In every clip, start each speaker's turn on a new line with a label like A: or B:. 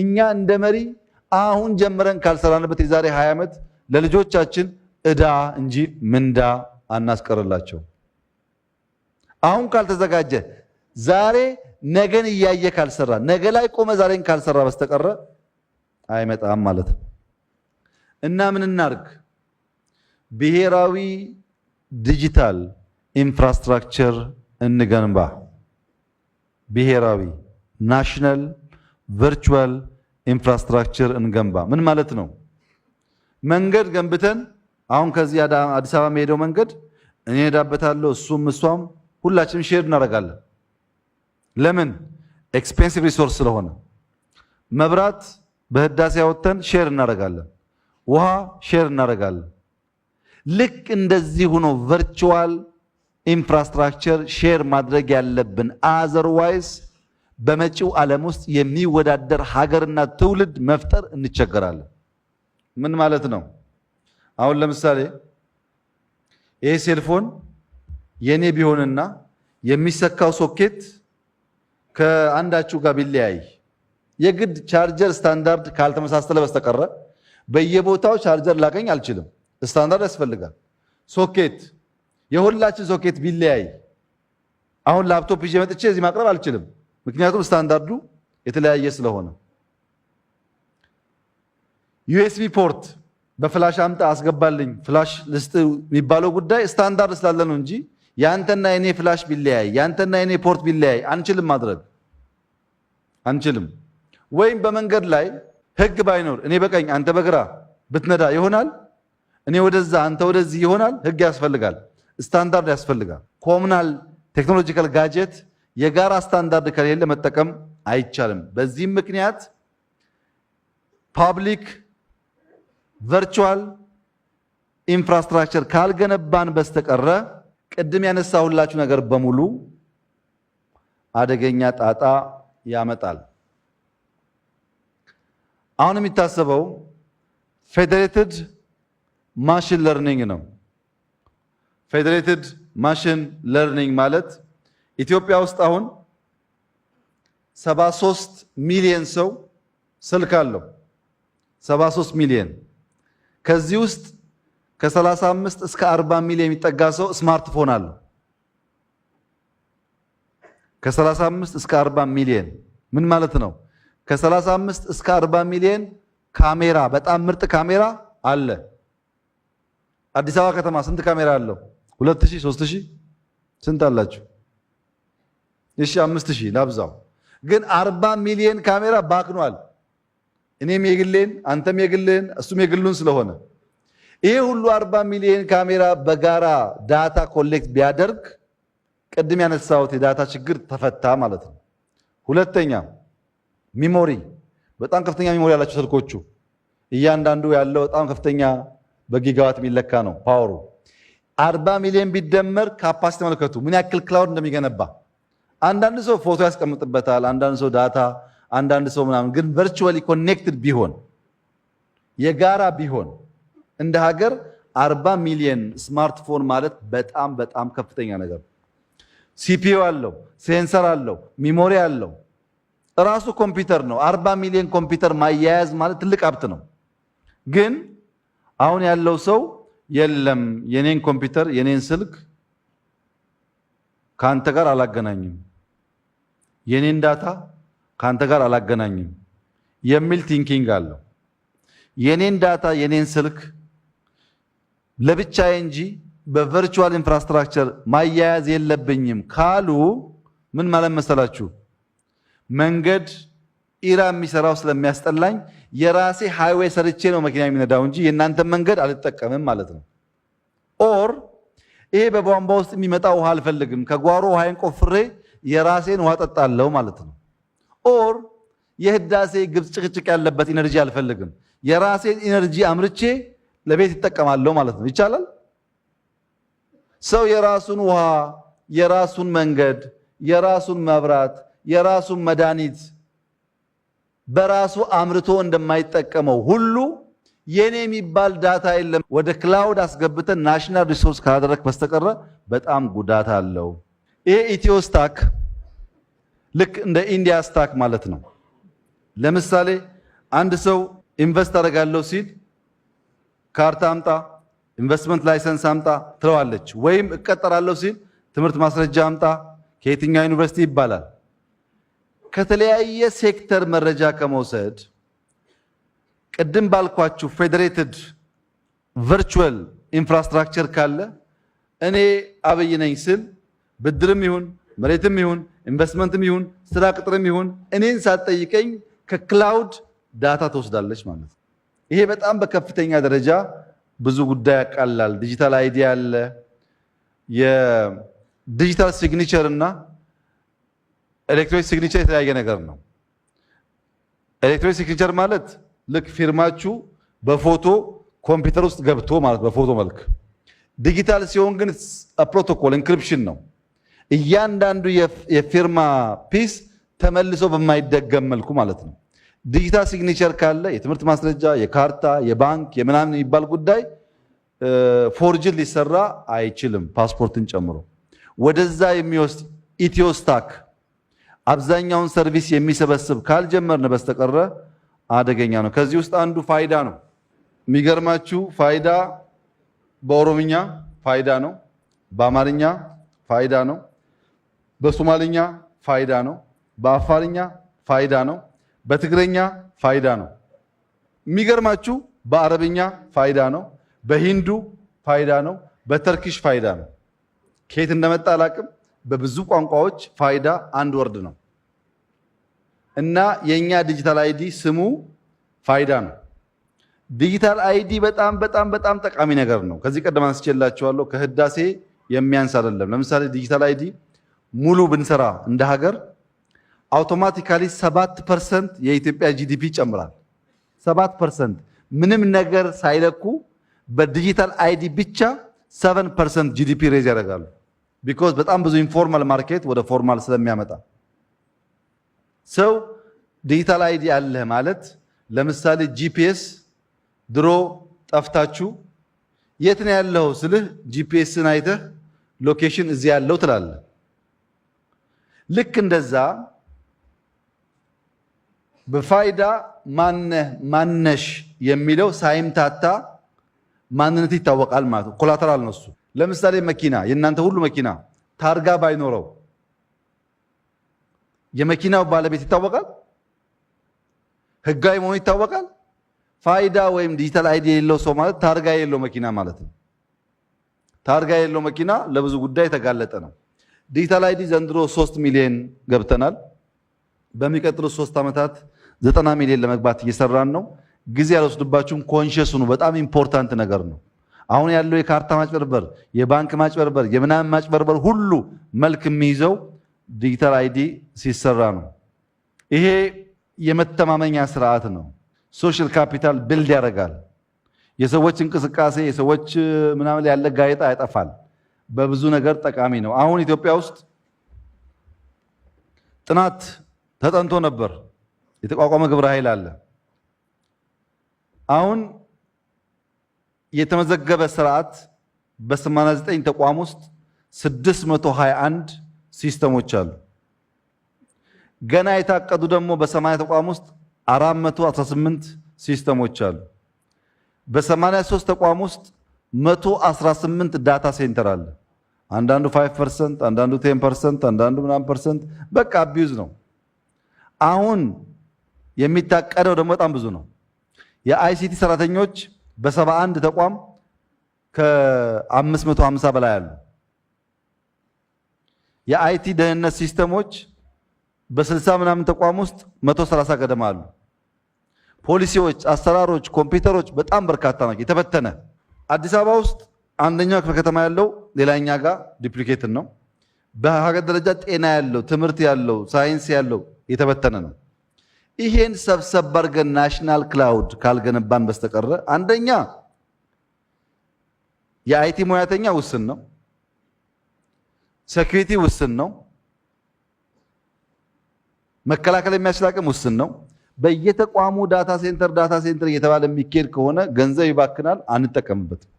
A: እኛ እንደ መሪ አሁን ጀምረን ካልሰራንበት የዛሬ 20 ዓመት ለልጆቻችን እዳ እንጂ ምንዳ አናስቀርላቸው። አሁን ካልተዘጋጀ ዛሬ ነገን እያየ ካልሰራ ነገ ላይ ቆመ ዛሬን ካልሰራ በስተቀረ አይመጣም ማለት ነው። እና ምን እናርግ? ብሔራዊ ዲጂታል ኢንፍራስትራክቸር እንገንባ። ብሔራዊ ናሽናል ቨርቹዋል ኢንፍራስትራክቸር እንገንባ። ምን ማለት ነው? መንገድ ገንብተን አሁን ከዚህ አዲስ አበባ የሚሄደው መንገድ እኔ ሄዳበታለሁ፣ እሱም እሷም ሁላችንም ሼር እናደርጋለን። ለምን? ኤክስፔንሲቭ ሪሶርስ ስለሆነ። መብራት በህዳሴ ያወጥተን ሼር እናደርጋለን። ውሃ ሼር እናደርጋለን። ልክ እንደዚህ ሆኖ ቨርቹዋል ኢንፍራስትራክቸር ሼር ማድረግ ያለብን አዘርዋይዝ በመጪው ዓለም ውስጥ የሚወዳደር ሀገርና ትውልድ መፍጠር እንቸገራለን። ምን ማለት ነው? አሁን ለምሳሌ ይህ ሴልፎን የኔ ቢሆንና የሚሰካው ሶኬት ከአንዳችሁ ጋር ቢለያይ የግድ ቻርጀር ስታንዳርድ ካልተመሳሰለ በስተቀረ በየቦታው ቻርጀር ላገኝ አልችልም። ስታንዳርድ ያስፈልጋል። ሶኬት የሁላችን ሶኬት ቢለያይ አሁን ላፕቶፕ ይዤ መጥቼ እዚህ ማቅረብ አልችልም። ምክንያቱም ስታንዳርዱ የተለያየ ስለሆነ ዩኤስቢ ፖርት በፍላሽ አምጣ አስገባልኝ ፍላሽ ልስጥ የሚባለው ጉዳይ ስታንዳርድ ስላለ ነው እንጂ የአንተና የኔ ፍላሽ ቢለያይ የአንተና የኔ ፖርት ቢለያይ አንችልም ማድረግ አንችልም። ወይም በመንገድ ላይ ህግ ባይኖር እኔ በቀኝ አንተ በግራ ብትነዳ ይሆናል። እኔ ወደዛ አንተ ወደዚህ ይሆናል። ህግ ያስፈልጋል፣ ስታንዳርድ ያስፈልጋል። ኮሙናል ቴክኖሎጂካል ጋጀት የጋራ ስታንዳርድ ከሌለ መጠቀም አይቻልም። በዚህም ምክንያት ፓብሊክ ቨርቹዋል ኢንፍራስትራክቸር ካልገነባን በስተቀረ ቅድም ያነሳሁላችሁ ነገር በሙሉ አደገኛ ጣጣ ያመጣል። አሁን የሚታሰበው ፌዴሬትድ ማሽን ለርኒንግ ነው። ፌዴሬትድ ማሽን ለርኒንግ ማለት ኢትዮጵያ ውስጥ አሁን 73 ሚሊዮን ሰው ስልክ አለው። 73 ሚሊዮን ከዚህ ውስጥ ከ35 እስከ 40 ሚሊዮን የሚጠጋ ሰው ስማርትፎን አለው። ከ35 እስከ 40 ሚሊዮን ምን ማለት ነው? ከ35 እስከ 40 ሚሊዮን ካሜራ በጣም ምርጥ ካሜራ አለ። አዲስ አበባ ከተማ ስንት ካሜራ አለው? 2000 3000 ስንት አላችሁ? እሺ አምስት ሺህ ላብዛው ግን አርባ ሚሊየን ካሜራ ባክኗል። እኔም የግሌን አንተም የግልን እሱም የግሉን ስለሆነ ይሄ ሁሉ አርባ ሚሊየን ካሜራ በጋራ ዳታ ኮሌክት ቢያደርግ ቅድም ያነሳሁት የዳታ ችግር ተፈታ ማለት ነው። ሁለተኛ ሚሞሪ፣ በጣም ከፍተኛ ሚሞሪ ያላቸው ስልኮቹ እያንዳንዱ ያለው በጣም ከፍተኛ በጊጋዋት የሚለካ ነው ፓወሩ። አርባ ሚሊዮን ቢደመር ካፓሲቲ መለከቱ ምን ያክል ክላውድ እንደሚገነባ አንዳንድ ሰው ፎቶ ያስቀምጥበታል፣ አንዳንድ ሰው ዳታ፣ አንዳንድ ሰው ምናምን። ግን ቨርቹዋሊ ኮኔክትድ ቢሆን የጋራ ቢሆን እንደ ሀገር አርባ ሚሊዮን ስማርትፎን ማለት በጣም በጣም ከፍተኛ ነገር ነው። ሲፒዩ አለው፣ ሴንሰር አለው፣ ሚሞሪ አለው። እራሱ ኮምፒውተር ነው። አርባ ሚሊዮን ኮምፒውተር ማያያዝ ማለት ትልቅ ሀብት ነው። ግን አሁን ያለው ሰው የለም የኔን ኮምፒውተር የኔን ስልክ ከአንተ ጋር አላገናኝም የኔን ዳታ ከአንተ ጋር አላገናኝም የሚል ቲንኪንግ አለው። የኔን ዳታ የኔን ስልክ ለብቻዬ እንጂ በቨርቹዋል ኢንፍራስትራክቸር ማያያዝ የለብኝም ካሉ ምን ማለት መሰላችሁ? መንገድ ኢራ የሚሰራው ስለሚያስጠላኝ የራሴ ሃይዌይ ሰርቼ ነው መኪና የሚነዳው እንጂ የእናንተን መንገድ አልጠቀምም ማለት ነው። ኦር ይሄ በቧንቧ ውስጥ የሚመጣ ውሃ አልፈልግም ከጓሮ ውሃይን ቆፍሬ የራሴን ውሃ ጠጣለሁ ማለት ነው። ኦር የህዳሴ ግብፅ ጭቅጭቅ ያለበት ኢነርጂ አልፈልግም፣ የራሴን ኢነርጂ አምርቼ ለቤት ይጠቀማለሁ ማለት ነው። ይቻላል። ሰው የራሱን ውሃ፣ የራሱን መንገድ፣ የራሱን መብራት፣ የራሱን መድኃኒት በራሱ አምርቶ እንደማይጠቀመው ሁሉ የኔ የሚባል ዳታ የለም። ወደ ክላውድ አስገብተን ናሽናል ሪሶርስ ካላደረክ በስተቀረ በጣም ጉዳት አለው። ይሄ ኢትዮ ስታክ ልክ እንደ ኢንዲያ ስታክ ማለት ነው። ለምሳሌ አንድ ሰው ኢንቨስት አደርጋለሁ ሲል ካርታ አምጣ፣ ኢንቨስትመንት ላይሰንስ አምጣ ትለዋለች። ወይም እቀጠራለሁ ሲል ትምህርት ማስረጃ አምጣ ከየትኛው ዩኒቨርሲቲ ይባላል። ከተለያየ ሴክተር መረጃ ከመውሰድ ቅድም ባልኳችሁ ፌዴሬትድ ቨርቹዋል ኢንፍራስትራክቸር ካለ እኔ አብይ ነኝ ስል ብድርም ይሁን መሬትም ይሁን ኢንቨስትመንትም ይሁን ስራ ቅጥርም ይሁን እኔን ሳትጠይቀኝ ከክላውድ ዳታ ትወስዳለች ማለት ነው። ይሄ በጣም በከፍተኛ ደረጃ ብዙ ጉዳይ ያቃላል። ዲጂታል አይዲ አለ፣ የዲጂታል ሲግኒቸር እና ኤሌክትሮኒክ ሲግኒቸር የተለያየ ነገር ነው። ኤሌክትሮኒክ ሲግኒቸር ማለት ልክ ፊርማችሁ በፎቶ ኮምፒውተር ውስጥ ገብቶ ማለት በፎቶ መልክ። ዲጂታል ሲሆን ግን ፕሮቶኮል ኢንክሪፕሽን ነው። እያንዳንዱ የፊርማ ፒስ ተመልሶ በማይደገም መልኩ ማለት ነው። ዲጂታል ሲግኒቸር ካለ የትምህርት ማስረጃ፣ የካርታ፣ የባንክ የምናምን የሚባል ጉዳይ ፎርጅን ሊሰራ አይችልም፣ ፓስፖርትን ጨምሮ። ወደዛ የሚወስድ ኢትዮስታክ አብዛኛውን ሰርቪስ የሚሰበስብ ካልጀመርን በስተቀረ አደገኛ ነው። ከዚህ ውስጥ አንዱ ፋይዳ ነው። የሚገርማችሁ ፋይዳ በኦሮምኛ ፋይዳ ነው፣ በአማርኛ ፋይዳ ነው። በሶማልኛ ፋይዳ ነው፣ በአፋርኛ ፋይዳ ነው፣ በትግረኛ ፋይዳ ነው። የሚገርማችሁ በአረብኛ ፋይዳ ነው፣ በሂንዱ ፋይዳ ነው፣ በተርኪሽ ፋይዳ ነው። ከየት እንደመጣ አላቅም። በብዙ ቋንቋዎች ፋይዳ አንድ ወርድ ነው እና የእኛ ዲጂታል አይዲ ስሙ ፋይዳ ነው። ዲጂታል አይዲ በጣም በጣም በጣም ጠቃሚ ነገር ነው። ከዚህ ቀደም አንስቼላችኋለሁ። ከህዳሴ የሚያንስ አይደለም። ለምሳሌ ዲጂታል አይዲ ሙሉ ብንሰራ እንደ ሀገር አውቶማቲካሊ 7% የኢትዮጵያ ጂዲፒ ይጨምራል። 7% ምንም ነገር ሳይለኩ በዲጂታል አይዲ ብቻ 7% ጂዲፒ ሬዝ ያደርጋሉ። ቢኮዝ በጣም ብዙ ኢንፎርማል ማርኬት ወደ ፎርማል ስለሚያመጣ ሰው ዲጂታል አይዲ አለህ ማለት ለምሳሌ ጂፒኤስ ድሮ ጠፍታችሁ የት ነው ያለው ስልህ ጂፒኤስን አይተህ ሎኬሽን እዚህ ያለው ትላለህ። ልክ እንደዛ በፋይዳ ማነህ ማነሽ የሚለው ሳይምታታ ማንነት ይታወቃል ማለት ነው። ኮላተራል ነው እሱ። ለምሳሌ መኪና፣ የእናንተ ሁሉ መኪና ታርጋ ባይኖረው የመኪናው ባለቤት ይታወቃል፣ ህጋዊ መሆኑ ይታወቃል። ፋይዳ ወይም ዲጂታል አይዲ የሌለው ሰው ማለት ታርጋ የሌለው መኪና ማለት ነው። ታርጋ የሌለው መኪና ለብዙ ጉዳይ የተጋለጠ ነው። ዲጂታል አይዲ ዘንድሮ ሶስት ሚሊዮን ገብተናል። በሚቀጥሉት ሶስት ዓመታት ዘጠና ሚሊዮን ለመግባት እየሰራን ነው። ጊዜ ያልወስድባችሁም። ኮንሽስ ሁኑ። በጣም ኢምፖርታንት ነገር ነው። አሁን ያለው የካርታ ማጭበርበር፣ የባንክ ማጭበርበር፣ የምናምን ማጭበርበር ሁሉ መልክ የሚይዘው ዲጂታል አይዲ ሲሰራ ነው። ይሄ የመተማመኛ ስርዓት ነው። ሶሻል ካፒታል ቢልድ ያደርጋል። የሰዎች እንቅስቃሴ የሰዎች ምናምን ያለ ጋዜጣ ያጠፋል። በብዙ ነገር ጠቃሚ ነው። አሁን ኢትዮጵያ ውስጥ ጥናት ተጠንቶ ነበር። የተቋቋመ ግብረ ኃይል አለ። አሁን የተመዘገበ ስርዓት በ89 ተቋም ውስጥ 621 ሲስተሞች አሉ። ገና የታቀዱ ደግሞ በ80 ተቋም ውስጥ 418 ሲስተሞች አሉ። በ83 ተቋም ውስጥ 118 ዳታ ሴንተር አለ። አንዳንዱ 5 ፐርሰንት፣ አንዳንዱ ቴን ፐርሰንት፣ አንዳንዱ ምናምን ፐርሰንት በቃ አቢዩዝ ነው። አሁን የሚታቀደው ደግሞ በጣም ብዙ ነው። የአይሲቲ ሰራተኞች በ71 ተቋም ከ550 በላይ አሉ። የአይቲ ደህንነት ሲስተሞች በ60 ምናምን ተቋም ውስጥ 130 ገደማ አሉ። ፖሊሲዎች፣ አሰራሮች፣ ኮምፒውተሮች በጣም በርካታ ናቸው። የተበተነ አዲስ አበባ ውስጥ አንደኛው ክፍለ ከተማ ያለው ሌላኛ ጋር ዲፕሊኬትን ነው። በሀገር ደረጃ ጤና ያለው ትምህርት ያለው ሳይንስ ያለው የተበተነ ነው። ይሄን ሰብሰብ አድርገን ናሽናል ክላውድ ካልገነባን በስተቀረ አንደኛ የአይቲ ሙያተኛ ውስን ነው፣ ሴኩሪቲ ውስን ነው፣ መከላከል የሚያስችል አቅም ውስን ነው። በየተቋሙ ዳታ ሴንተር ዳታ ሴንተር እየተባለ የሚካሄድ ከሆነ ገንዘብ ይባክናል፣ አንጠቀምበትም።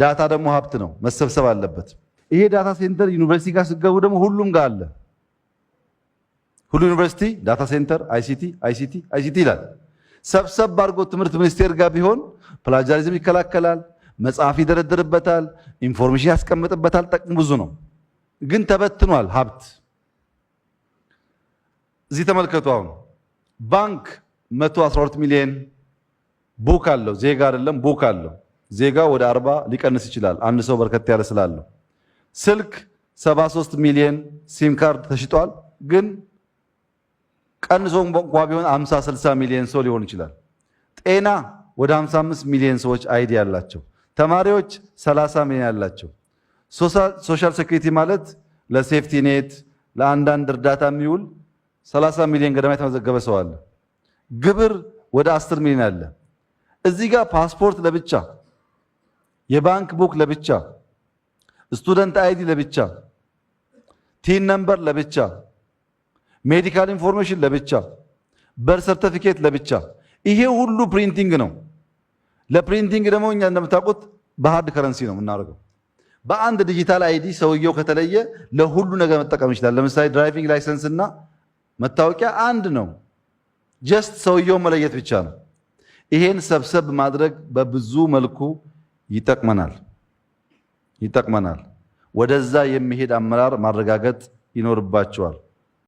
A: ዳታ ደግሞ ሀብት ነው፣ መሰብሰብ አለበት። ይሄ ዳታ ሴንተር ዩኒቨርሲቲ ጋር ስገቡ ደግሞ ሁሉም ጋር አለ። ሁሉ ዩኒቨርሲቲ ዳታ ሴንተር አይሲቲ አይሲቲ አይሲቲ ይላል። ሰብሰብ አድርጎ ትምህርት ሚኒስቴር ጋር ቢሆን ፕላጃሪዝም ይከላከላል፣ መጽሐፍ ይደረደርበታል ኢንፎርሜሽን ያስቀምጥበታል። ጠቅሙ ብዙ ነው፣ ግን ተበትኗል ሀብት። እዚህ ተመልከቱ። አሁን ባንክ 112 ሚሊዮን ቡክ አለው፣ ዜጋ አይደለም ቡክ አለው ዜጋ ወደ አርባ ሊቀንስ ይችላል። አንድ ሰው በርከት ያለ ስላለው ስልክ 73 ሚሊዮን ሲም ካርድ ተሽጧል። ግን ቀንሶ እንኳ ቢሆን 50 60 ሚሊዮን ሰው ሊሆን ይችላል። ጤና ወደ 55 ሚሊዮን ሰዎች አይዲ ያላቸው፣ ተማሪዎች 30 ሚሊዮን ያላቸው። ሶሻል ሴኩሪቲ ማለት ለሴፍቲ ኔት ለአንዳንድ እርዳታ የሚውል 30 ሚሊዮን ገደማ የተመዘገበ ሰው አለ። ግብር ወደ 10 ሚሊዮን አለ። እዚህ ጋር ፓስፖርት ለብቻ የባንክ ቡክ ለብቻ፣ ስቱደንት አይዲ ለብቻ፣ ቲን ነምበር ለብቻ፣ ሜዲካል ኢንፎርሜሽን ለብቻ፣ በር ሰርተፊኬት ለብቻ። ይሄ ሁሉ ፕሪንቲንግ ነው። ለፕሪንቲንግ ደግሞ እኛ እንደምታውቁት በሀርድ ከረንሲ ነው የምናደርገው። በአንድ ዲጂታል አይዲ ሰውየው ከተለየ ለሁሉ ነገር መጠቀም ይችላል። ለምሳሌ ድራይቪንግ ላይሰንስ እና መታወቂያ አንድ ነው። ጀስት ሰውየው መለየት ብቻ ነው። ይሄን ሰብሰብ ማድረግ በብዙ መልኩ ይጠቅመናል ይጠቅመናል። ወደዛ የሚሄድ አመራር ማረጋገጥ ይኖርባቸዋል።